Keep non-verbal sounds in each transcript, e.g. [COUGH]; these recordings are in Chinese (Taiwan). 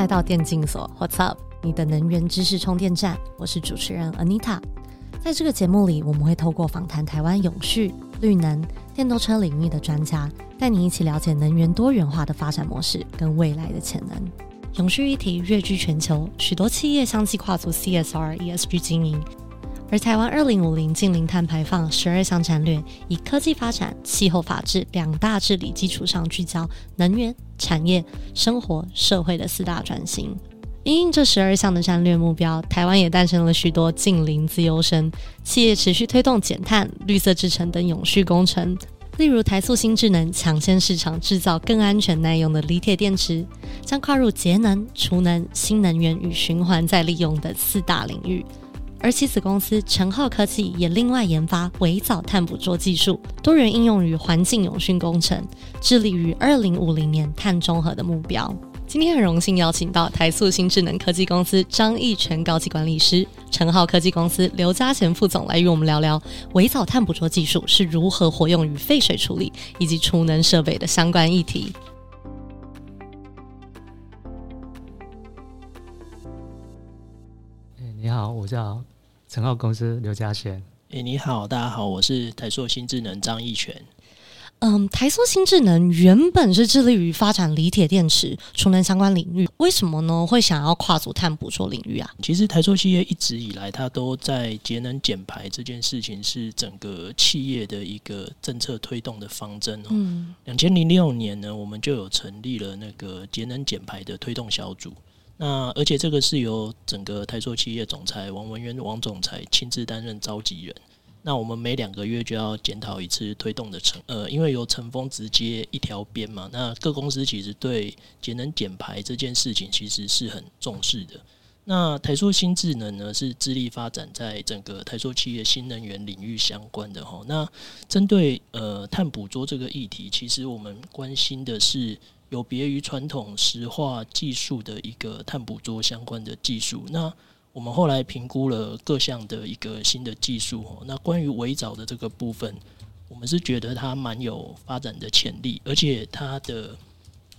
再到電競所，What's up？你的能源知識充電站，我是主持人 Anita。在這個節目裡，我們會透過訪談台灣永續、綠能、電動車領域的專家，帶你一起了解能源多元化的發展模式跟未來的潛能。永續議題躍居全球，許多企業相繼跨足 CSR、ESG 經營。而台灣二零五零淨零碳排放十二項戰略，以科技發展、氣候法治兩大治理基礎上，聚焦能源、產業、生活、社會的四大轉型。因應這十二項的戰略目標，台灣也誕生了許多淨零資優生企業，持續推動減碳、綠色製程等永續工程。例如，台塑新智能搶先市場，制造更安全耐用的鋰鐵電池，將跨入節能、儲能、新能源與循環再利用的四大領域。而其子公司成浩科技，也另外研發微藻碳捕捉技術，多元應用於環境永續工程，致力於二零五零年碳中和的目標。今天很榮幸邀請到台塑新智能科技公司張義全高級管理師、成浩科技公司劉家賢副總，來與我們聊聊微藻碳捕捉技術是如何活用於廢水處理以及儲能設備的相關議題。你好，我叫。晨浩公司，劉家賢。誒、欸，你好，大家好，我是台塑新智能張義全。嗯，台塑新智能原本是致力於發展鋰鐵電池儲能相關領域，為什麼呢？會想要跨足碳捕捉領域啊？其實台塑企業一直以來，它都在節能減排這件事情是整個企業的一個政策推動的方針哦、喔。兩千零六年呢，我們就有成立了那個節能減排的推動小組。那而且這個是由整個台塑企業總裁王文淵王總裁親自擔任召集人。那我們每兩個月就要檢討一次推動的成，呃，因為由成峰直接一條鞭嘛。那各公司其實對節能減排這件事情其實是很重視的。那台塑新智能呢，是致力發展在整個台塑企業新能源領域相關的哈。那針對呃碳捕捉這個議題，其實我們關心的是。有別於傳統石化技術的一個碳捕捉相關的技術，那我們後來評估了各項的一個新的技術。那關於微藻的這個部分，我們是覺得它蠻有發展的潛力，而且它的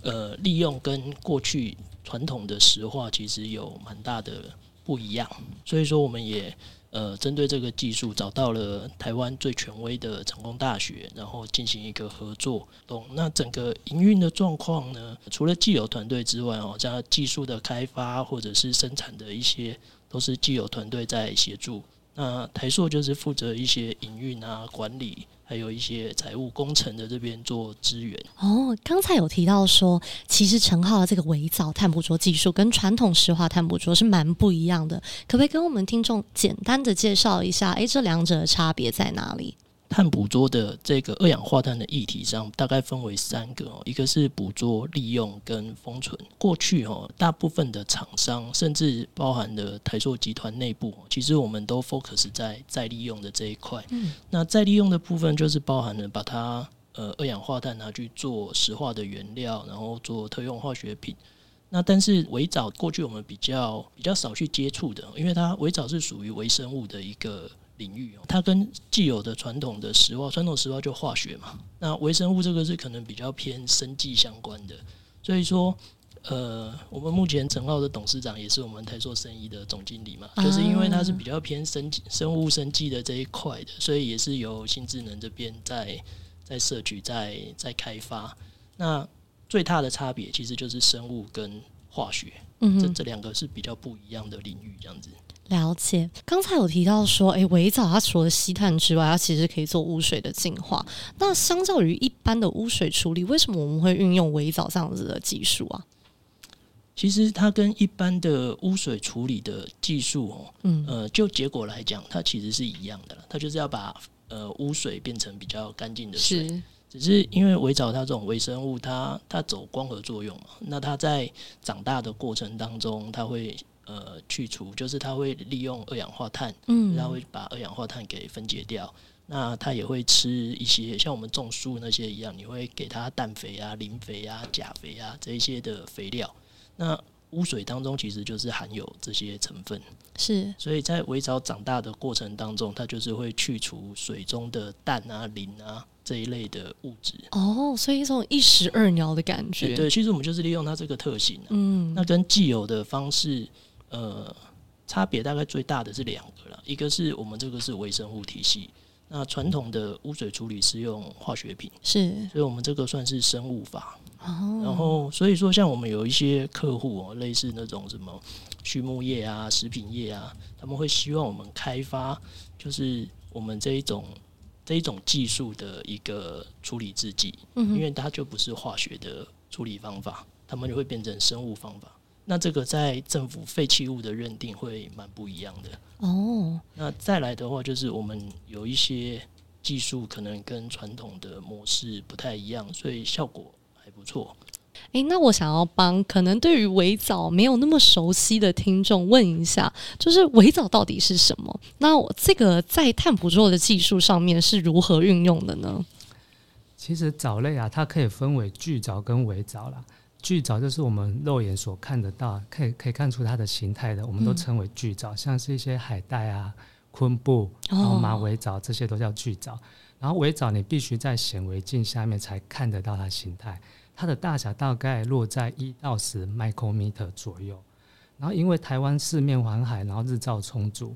呃利用跟過去傳統的石化其實有蠻大的不一樣。所以說，我們也。呃，針對這個技術，找到了台灣最權威的成功大學，然後進行一個合作。那整個營運的狀況呢？除了既有團隊之外，哦，像技術的開發或者是生產的一些，都是既有團隊在協助。那台塑就是負責一些營運啊、管理，還有一些財務、工程的這邊做支援。哦，剛才有提到說，其實陳浩的這個微藻碳捕捉技術跟傳統石化碳捕捉是蠻不一樣的，可不可以跟我們聽眾簡單的介紹一下？哎、欸，這兩者的差別在哪裡？碳捕捉的這個二氧化碳的議題上，大概分為三個，一個是捕捉、利用跟封存。過去哦，大部分的廠商，甚至包含了台塑集團內部，其實我們都 focus 在再利用的這一塊。那再利用的部分，就是包含了把它呃二氧化碳拿去做石化的原料，然後做特用化學品。那但是微藻，過去我們比較比較少去接觸的，因為它微藻是屬於微生物的一個。領域，它跟既有的傳統的石化，傳統石化就化學嘛。那微生物這個是可能比較偏生技相關的，所以說，呃，我們目前陳浩的董事長也是我們台塑生醫的總經理嘛，就是因為他是比較偏生生物生技的這一塊的，所以也是由新智能這邊在在攝取、在在開發。那最大的差別其實就是生物跟化學，嗯、這這兩個是比較不一樣的領域，這樣子。了解，剛才有提到說，誒、欸，微藻它除了吸碳之外，它其實可以做污水的淨化。那相較於一般的污水處理，為什麼我們會運用微藻這樣子的技術啊？其實它跟一般的污水處理的技術哦，嗯，呃，就結果來講，它其實是一樣的，它就是要把呃污水變成比較乾淨的水。只是因為微藻它這種微生物它，它它走光合作用嘛，那它在長大的過程當中，它會。呃，去除就是它會利用二氧化碳，嗯，它會把二氧化碳給分解掉。那它也會吃一些像我們種樹那些一樣，你會給它氮肥啊、磷肥啊、鉀肥啊這一些的肥料。那污水當中其實就是含有這些成分，是。所以在微藻長大的過程當中，它就是會去除水中的氮啊、磷啊這一類的物質。哦，所以一種一石二鳥的感覺、欸。對，其實我們就是利用它這個特性、啊。嗯，那跟既有的方式。呃，差別大概最大的是兩個了，一個是我們這個是微生物體系，那傳統的污水處理是用化學品，是，所以我們這個算是生物法。哦、然後，所以說像我們有一些客戶哦、喔，類似那種什麼畜牧業啊、食品業啊，他們會希望我們開發就是我們這一種這一種技術的一個處理制劑，嗯，因為它就不是化學的處理方法，他們就會變成生物方法。那這個在政府廢棄物的認定會蠻不一樣的哦。Oh. 那再來的話，就是我們有一些技術可能跟傳統的模式不太一樣，所以效果還不錯。誒、欸，那我想要幫可能對於微藻沒有那麼熟悉的聽眾問一下，就是微藻到底是什麼？那我這個在碳捕捉的技術上面是如何運用的呢？其實藻類啊，它可以分為巨藻跟微藻啦。巨藻就是我們肉眼所看得到，可以可以看出它的形態的，我們都稱為巨藻、嗯，像是一些海帶啊、昆布，然後馬尾藻、哦、這些都叫巨藻。然後微藻你必須在顯微鏡下面才看得到它形態，它的大小大概落在一到十 micrometer 左右。然後因為台灣四面環海，然後日照充足。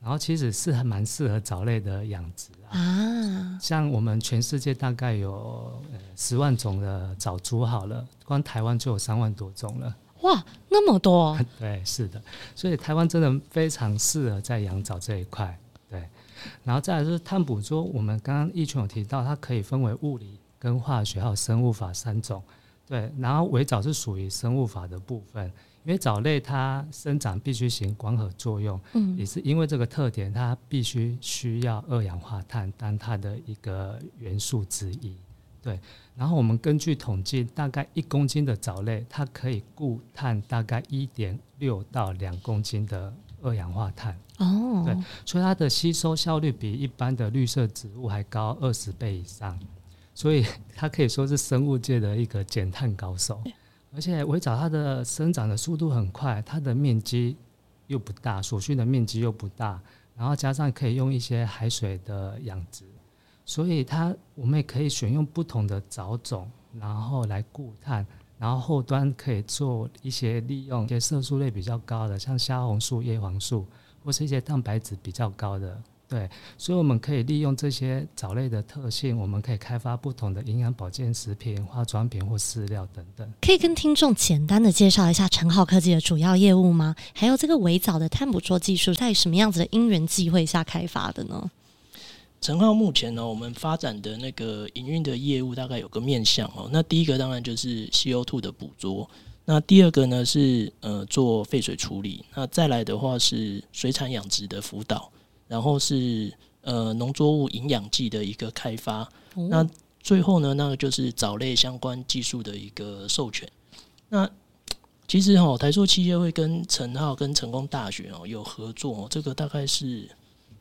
然後其實是還蠻適合藻類的養殖啊，像我們全世界大概有呃十萬種的藻株，好了，光台灣就有三萬多種了。哇，那麼多！對，是的，所以台灣真的非常適合在養藻這一塊。對，然後再來就是碳捕捉，我們剛剛益泉有提到，它可以分為物理，跟化學還有生物法三種。對，然後微藻是屬於生物法的部分。因為藻類它生長必須行光合作用，嗯，也是因為這個特點，它必須需要二氧化碳當它的一個元素之一，對。然後我們根據統計，大概一公斤的藻類它可以固碳大概一點六到兩公斤的二氧化碳哦，對，所以它的吸收效率比一般的綠色植物還高二十倍以上，所以它可以說是生物界的一個減碳高手。而且微藻它的生長的速度很快，它的面積又不大，所需的面積又不大，然後加上可以用一些海水的養殖，所以它我們也可以選用不同的藻種，然後來固碳，然後後端可以做一些利用一些色素類比較高的，像蝦紅素、葉黃素，或是一些蛋白質比較高的。對，所以我們可以利用這些藻類的特性，我們可以開發不同的營養保健食品、化妝品或飼料等等。可以跟聽眾簡單的介紹一下成浩科技的主要業務嗎？還有這個微藻的碳捕捉技術在什麼樣子的因緣際會下開發的呢？陳浩目前呢，我們發展的那個營運的業務大概有個面向哦。那第一個當然就是 CO2 的捕捉，那第二個呢是呃做廢水處理，那再來的話是水產養殖的輔導。然後是呃農作物營養劑的一個開發、哦，那最後呢，那個就是藻類相關技術的一個授權。那其實哈、哦，台塑企業會跟陳浩跟成功大學哦有合作、哦，這個大概是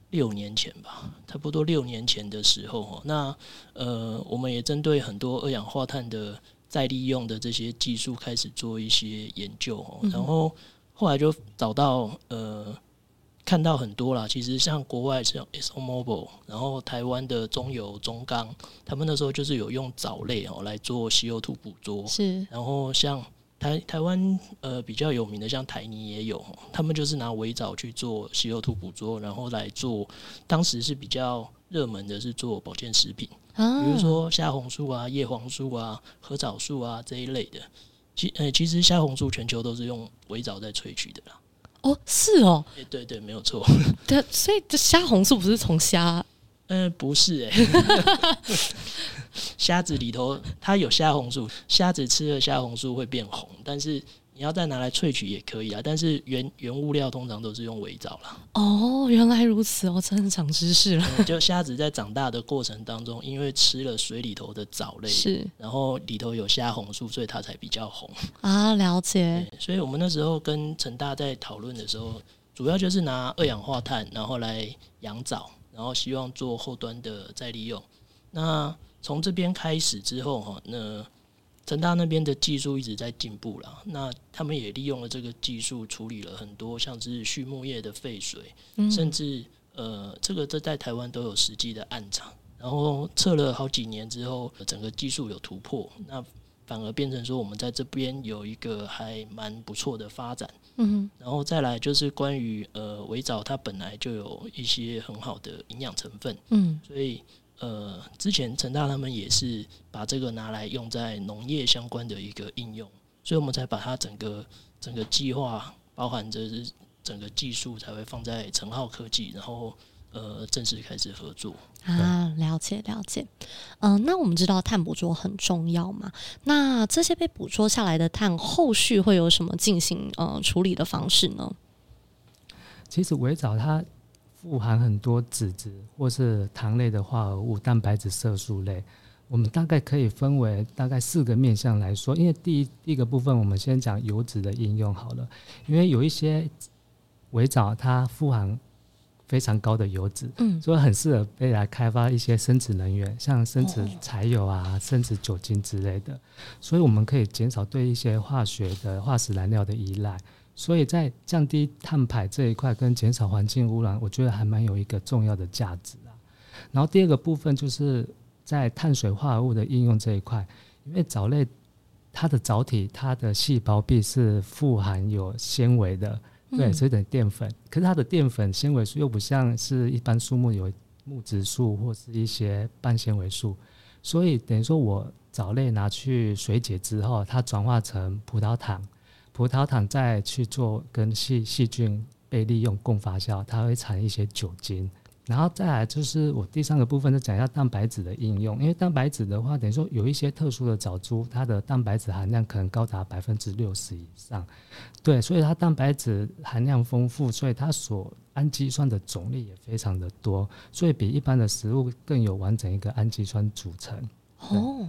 六年前吧，差不多六年前的時候哦。那呃，我們也針對很多二氧化碳的再利用的這些技術開始做一些研究哦。嗯、然後後來就找到呃。看到很多啦，其實像國外像 Exxon Mobil，然後台灣的中油、中鋼，他們那時候就是有用藻類哦、喔、來做 CO2 捕捉，是。然後像台台灣呃比較有名的，像台泥也有，他們就是拿微藻去做 CO2 捕捉，然後來做當時是比較熱門的是做保健食品，啊、比如說蝦紅素啊、葉黃素啊、核藻素啊這一類的。其呃其實蝦紅素全球都是用微藻在萃取的啦。哦，是哦、欸，對對，沒有錯。的，所以這蝦紅素不是從蝦、啊，嗯、呃，不是哎、欸，蝦 [LAUGHS] [LAUGHS] 子裡頭它有蝦紅素，蝦子吃了蝦紅素會變紅，但是。你要再拿來萃取也可以啊，但是原原物料通常都是用微藻了。哦，原來如此，我真是長知識了。嗯，就蝦子在長大的過程當中，因為吃了水裡頭的藻類，是，然後裡頭有蝦紅素，所以它才比較紅啊。了解。所以我們那時候跟成大在討論的時候，主要就是拿二氧化碳，然後來養藻，然後希望做後端的再利用。那從這邊開始之後，哈，那。成大那邊的技術一直在進步啦，那他們也利用了這個技術處理了很多，像是畜牧業的廢水，嗯，甚至呃，這個這在台灣都有實際的案場，然後測了好幾年之後，整個技術有突破，那反而變成說我們在這邊有一個還蠻不錯的發展，嗯，然後再來就是關於呃，微藻它本來就有一些很好的營養成分，嗯，所以。呃，之前成大他們也是把這個拿來用在農業相關的一個應用，所以我們才把它整個整個計劃包含着整個技術才會放在成浩科技，然後呃正式開始合作啊。了解了解，嗯、呃，那我們知道碳捕捉很重要嘛，那這些被捕捉下來的碳後續會有什麼進行呃處理的方式呢？其實我也找他。富含很多脂質或是糖類的化合物、蛋白質、色素類，我們大概可以分為大概四個面向來說。因為第一第一個部分，我們先講油脂的應用好了。因為有一些微藻，它富含非常高的油脂，嗯，所以很適合可以來開發一些生質能源，像生質柴油啊、生質酒精之類的。所以我們可以減少對一些化學的化石燃料的依賴。所以在降低碳排這一塊跟減少環境污染，我覺得還蠻有一個重要的價值啊，然後第二個部分就是在碳水化合物的應用這一塊，因為藻類它的藻體它的細胞壁是富含有纖維的，嗯，對，所以等於澱粉。可是它的澱粉纖維素又不像是一般樹木有木質素或是一些半纖維素，所以等於說我藻類拿去水解之後，它轉化成葡萄糖。葡萄糖再去做跟細細菌被利用共發酵，它會產一些酒精。然後再來就是我第三個部分就講一下蛋白質的應用，因為蛋白質的話，等於說有一些特殊的藻株，它的蛋白質含量可能高達百分之六十以上。對，所以它蛋白質含量豐富，所以它所氨基酸的種類也非常的多，所以比一般的食物更有完整一個氨基酸組成。哦。Oh.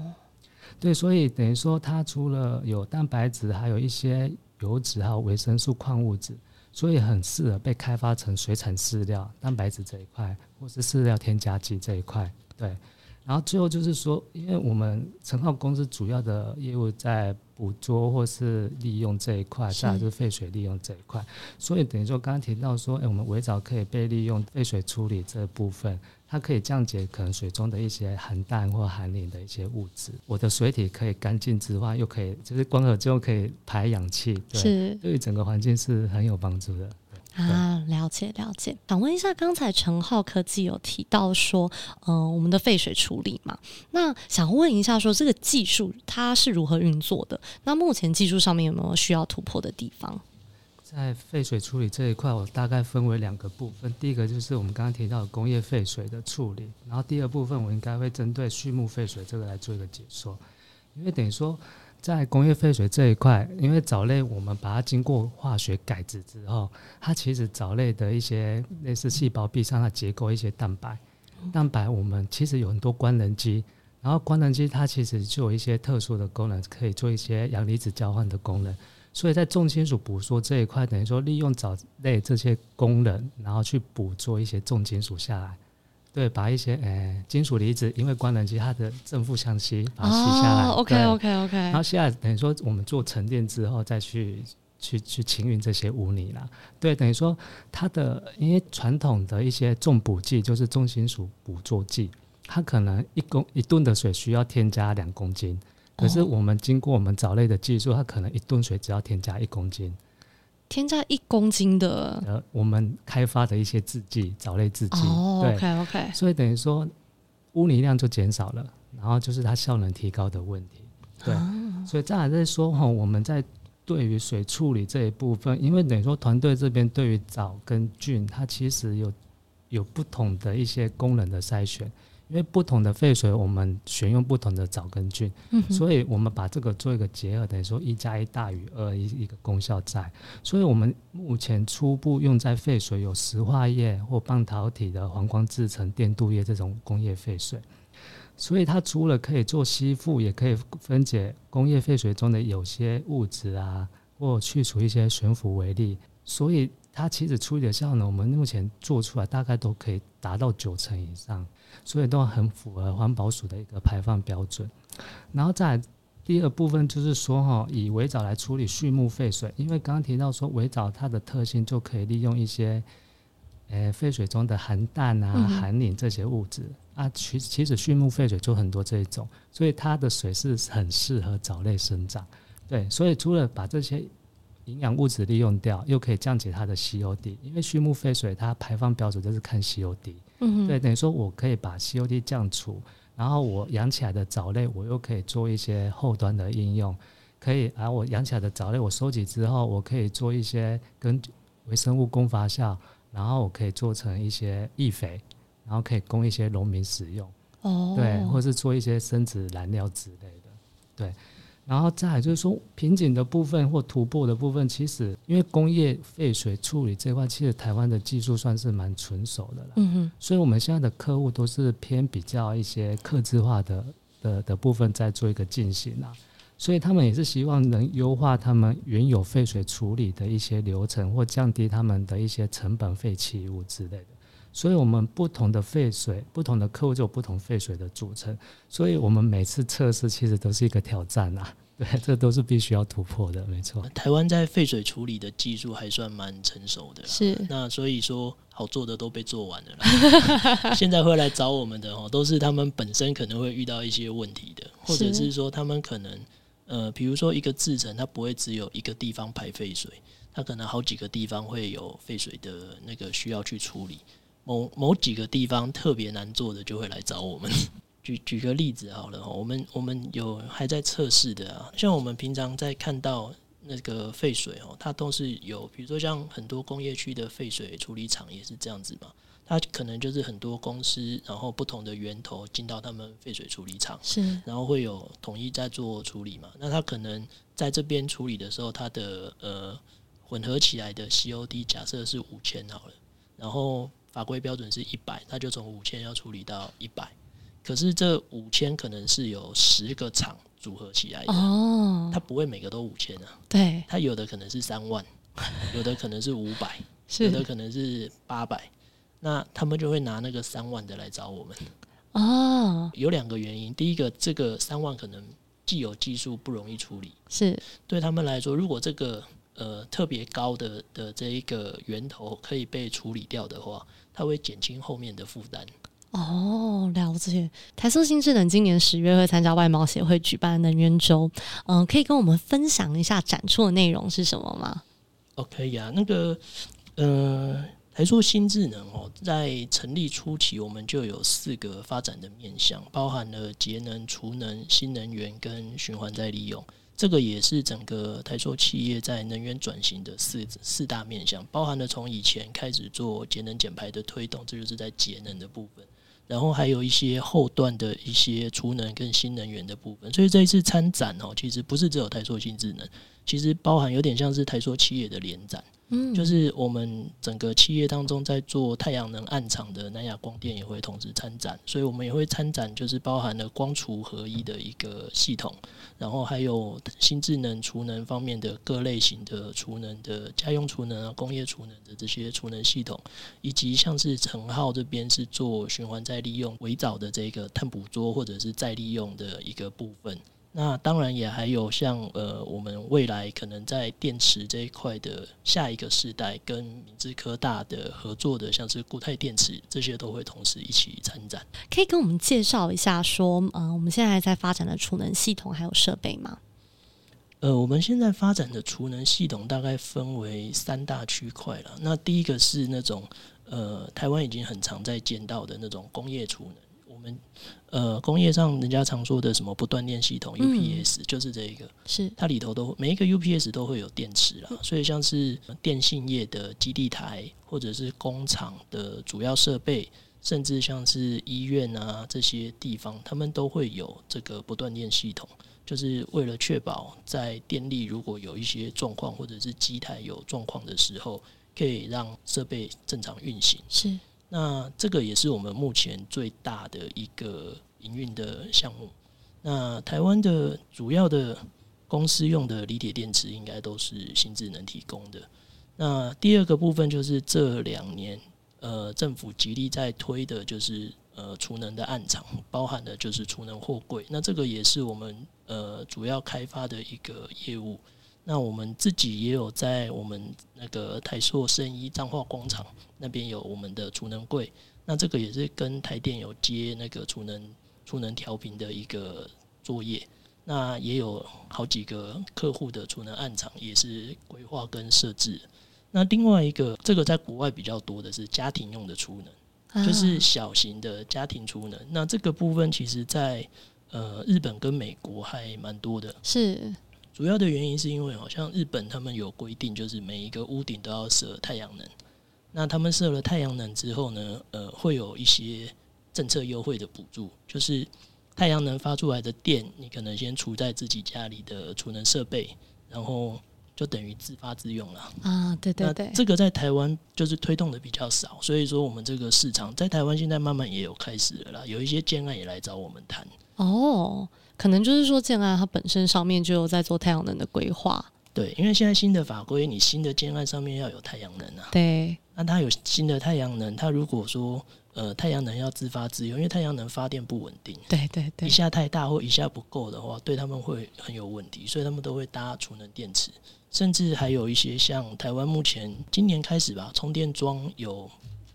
對，所以等於說它除了有蛋白質，還有一些油脂，還有維生素、礦物質，所以很適合被開發成水產飼料蛋白質這一塊，或是飼料添加劑這一塊。對，然後最後就是說，因為我們成浩公司主要的業務在捕捉或是利用這一塊，下就是廢水利用這一塊，所以等於說剛剛提到說，哎，我們微藻可以被利用廢水處理這部分。它可以降解可能水中的一些含氮或含磷的一些物質，我的水體可以乾淨之外，又可以就是光合作用可以排氧氣，是，對整個環境是很有幫助的對。啊，了解了解。想問一下，剛才陳浩科技有提到說，嗯、呃，我們的廢水處理嘛，那想問一下說，說這個技術它是如何運作的？那目前技術上面有沒有需要突破的地方？在廢水處理這一塊，我大概分為兩個部分。第一個就是我們剛剛提到的工業廢水的處理，然後第二部分我應該會針對畜牧廢水這個來做一個解說。因為等於說，在工業廢水這一塊，因為藻類我們把它經過化學改質之後，它其實藻類的一些類似細胞壁上的結構，一些蛋白，蛋白我們其實有很多官能基，然後官能基它其實就有一些特殊的功能，可以做一些陽離子交換的功能。所以在重金屬捕捉這一塊，等於說利用藻類這些功能，然後去捕捉一些重金屬下來，對，把一些哎、欸、金屬離子，因為官能基它的正負相吸，把它吸下來。啊、OK OK OK。然後現在等於說我們做沉澱之後，再去去去清運這些污泥了。對，等於說它的因為傳統的一些重補劑就是重金屬捕捉劑，它可能一公一噸的水需要添加兩公斤。可是我們經過我們藻類的技術，它可能一噸水只要添加一公斤，添加一公斤的。呃，我們開發的一些製劑，藻類製劑，哦，對，哦，OK，okay。所以等於說污泥量就減少了，然後就是它效能提高的問題，對。哦。所以再來再說哈，嗯，我們在對於水處理這一部分，因為等於說團隊這邊對於藻跟菌，它其實有有不同的一些功能的篩選。因為不同的廢水，我們選用不同的藻跟菌，嗯，所以我們把這個做一個結合，等於說一加一大於二，一一個功效在。所以我們目前初步用在廢水有石化業或半導體的黃光製程電鍍液這種工業廢水，所以它除了可以做吸附，也可以分解工業廢水中的有些物質啊，或去除一些懸浮微粒。所以它其實處理的效能，我們目前做出來大概都可以達到九成以上。所以都很符合環保署的一個排放標準，然後再第二部分就是說哈，以微藻來處理畜牧廢水，因為剛剛提到說微藻它的特性就可以利用一些，呃廢水中的含氮啊、含磷這些物質啊，其其實畜牧廢水就很多這一種，所以它的水是很適合藻類生長，對，所以除了把這些營養物質利用掉，又可以降解它的 COD，因為畜牧廢水它排放標準就是看 COD。嗯，對，等於說我可以把 COD 降除，然後我養起來的藻類，我又可以做一些後端的應用，可以啊，我養起來的藻類我收集之後，我可以做一些跟微生物共發酵，然後我可以做成一些易肥，然後可以供一些農民使用，哦，對，或是做一些生質燃料之類的，對。然後再來就是說瓶頸的部分，或突破的部分，其實因為工業廢水處理這塊，其實台灣的技術算是蠻純熟的了。嗯。嗯，所以我們現在的客戶都是偏比較一些客制化的的的部分在做一個進行啊，所以他們也是希望能優化他們原有廢水處理的一些流程，或降低他們的一些成本、廢棄物之類的。所以，我們不同的廢水，不同的客戶就有不同廢水的組成。所以，我們每次測試其實都是一個挑戰吶、啊。對，這都是必須要突破的，沒錯。呃，台灣在廢水處理的技術還算蠻成熟的啦。是。那所以說，好做的都被做完了啦。 [LAUGHS] 嗯，現在會來找我們的哦，都是他們本身可能會遇到一些問題的，或者是說他們可能呃，比如說一個制程，它不會只有一個地方排廢水，它可能好幾個地方會有廢水的那個需要去處理。某某幾個地方特別難做的，就會來找我們。舉舉個例子好了，我們我們有還在測試的啊。像我們平常在看到那個廢水哦，它都是有，比如說像很多工業區的廢水處理廠也是這樣子嘛。它可能就是很多公司，然後不同的源頭進到他們廢水處理廠，是，然後會有統一在做處理嘛。那它可能在這邊處理的時候，它的呃混合起來的 COD 假設是五千好了，然後。法規標準是一百，他就從五千要處理到一百，可是這五千可能是有十個廠組合起來的，哦，他不會每個都五千啊，對，他有的可能是三萬，有的可能是五百， [LAUGHS] 有的可能是八百，那他們就會拿那個三萬的來找我們，哦，有兩個原因，第一個這個三萬可能既有技術不容易處理，是對他們來說，如果這個呃特別高的的這一個源頭可以被處理掉的話。稍微減輕後面的負擔哦。了解，台塑新智能今年十月會參加外貿協會舉辦的能源周，嗯、呃，可以跟我們分享一下展出的內容是什麼嗎？OK 啊，那個，呃，台塑新智能哦，在成立初期，我們就有四個發展的面向，包含了節能、儲能、新能源跟循環再利用。這個也是整個台塑企業在能源轉型的四四大面向，包含了從以前開始做節能減排的推動，這就是在節能的部分；然後還有一些後段的一些儲能跟新能源的部分。所以這一次參展哦，其實不是只有台塑新智能，其實包含有點像是台塑企業的聯展。就是我們整個企業當中在做太陽能暗場的南亞光電也會同時參展，所以我們也會參展，就是包含了光儲合一的一個系統，然後還有新智能儲能方面的各類型的儲能的家用儲能啊、工業儲能的這些儲能系統，以及像是成浩這邊是做循環再利用、微藻的這個碳捕捉或者是再利用的一個部分。那當然，也還有像呃，我們未來可能在電池這一塊的下一個世代，跟明志科大的合作的，像是固態電池，這些都會同時一起參展。可以跟我們介紹一下說，說呃，我們現在在發展的儲能系統還有設備嗎？呃，我們現在發展的儲能系統大概分為三大區塊了。那第一個是那種呃，台灣已經很常在見到的那種工業儲能。我們呃，工業上人家常說的什麼不斷電系統 UPS，嗯，就是這一個。是。它裡頭都每一個 UPS 都會有電池啦，嗯。所以像是電信業的基地台，或者是工廠的主要設備，甚至像是醫院啊這些地方，他們都會有這個不斷電系統，就是為了確保在電力如果有一些狀況，或者是機台有狀況的時候，可以讓設備正常運行。是。那這個也是我們目前最大的一個營運的項目。那台灣的主要的公司用的鋰鐵電池，應該都是新智能提供的。那第二個部分就是這兩年，呃，政府極力在推的就是呃儲能的案場，包含的就是儲能貨櫃。那這個也是我們呃主要開發的一個業務。那我們自己也有，在我們那個台塑生醫彰化工廠那邊有我們的儲能櫃，那這個也是跟台電有接那個儲能儲能調頻的一個作業。那也有好幾個客戶的儲能案場也是規劃跟設置。那另外一個，這個在國外比較多的是家庭用的儲能，就是小型的家庭儲能。那這個部分其實在，在呃日本跟美國還蠻多的。是。主要的原因是因為，好像日本他們有規定，就是每一個屋頂都要設太陽能。那他們設了太陽能之後呢，呃，會有一些政策優惠的補助，就是太陽能發出來的電，你可能先儲在自己家裡的儲能設備，然後就等於自發自用了。啊，對對對，這個在台灣就是推動的比較少，所以說我們這個市場在台灣現在慢慢也有開始了啦，有一些建案也來找我們談。哦。可能就是說，建案它本身上面就有在做太陽能的規劃。對，因為現在新的法規，你新的建案上面要有太陽能啊。對。那它有新的太陽能，它如果說呃太陽能要自发自用，因為太陽能發電不穩定，對對對，一下太大或一下不夠的話，對他們會很有問題，所以他們都會搭儲能電池，甚至還有一些像台灣目前今年開始吧，充電樁有。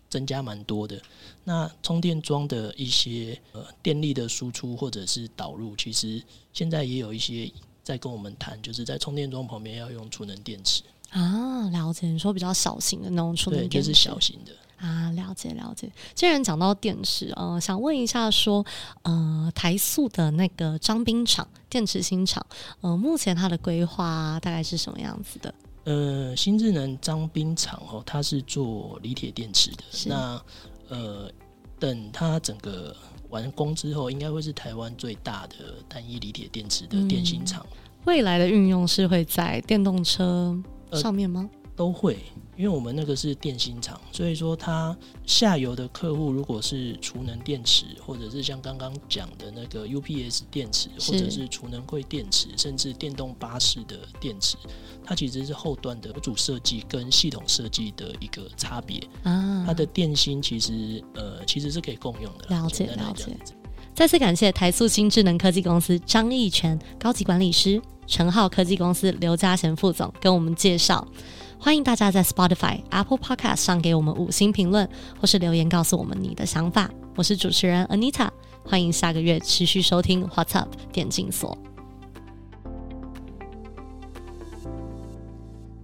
增加蠻多的，那充電樁的一些呃電力的輸出或者是導入，其實現在也有一些在跟我們談，就是在充電樁旁邊要用儲能電池啊，了解。你說比較小型的那種儲能電池，就是小型的啊，了解了解。既然講到電池啊，呃，想問一下說呃台塑的那個彰濱廠電池新廠，呃目前它的規劃大概是什麼樣子的？呃，新智能彰濱廠哦，它是做鋰鐵電池的。那呃，等它整個完工之後，應該會是台灣最大的單一鋰鐵電池的電芯廠，嗯。未來的運用是會在電動車上面嗎？呃、都會。因為我們那個是電芯廠，所以說它下游的客戶如果是儲能電池，或者是像剛剛講的那個 UPS 電池，或者是儲能櫃電池，甚至電動巴士的電池，它其實是後端的主設計跟系統設計的一個差別啊。它的電芯其實呃其實是可以共用的。了解了解。再次感謝台塑新智能科技公司張義全高級管理師、陳浩科技公司劉嘉賢副總跟我們介紹。歡迎大家在 Spotify、Apple Podcast 上給我們五星評論，或是留言告訴我們你的想法。我是主持人 Anita，歡迎下個月持續收聽 What's Up 電競所。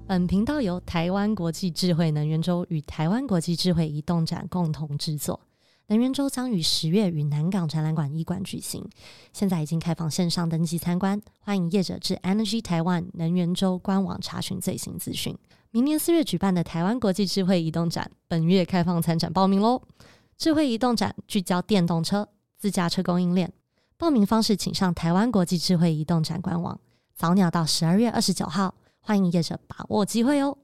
本頻道由台灣國際智慧能源週與台灣國際智慧移動展共同制作。能源週將於十月與南港展覽館一館舉行，現在已經開放線上登記參觀，歡迎業者至 Energy 台灣能源週官網查詢最新資訊。明年四月舉辦的台灣國際智慧移動展，本月開放參展報名嘍！智慧移動展聚焦電動車、自駕車供應鏈，報名方式請上台灣國際智慧移動展官網，早鳥到十二月二十九號，歡迎業者把握機會哦！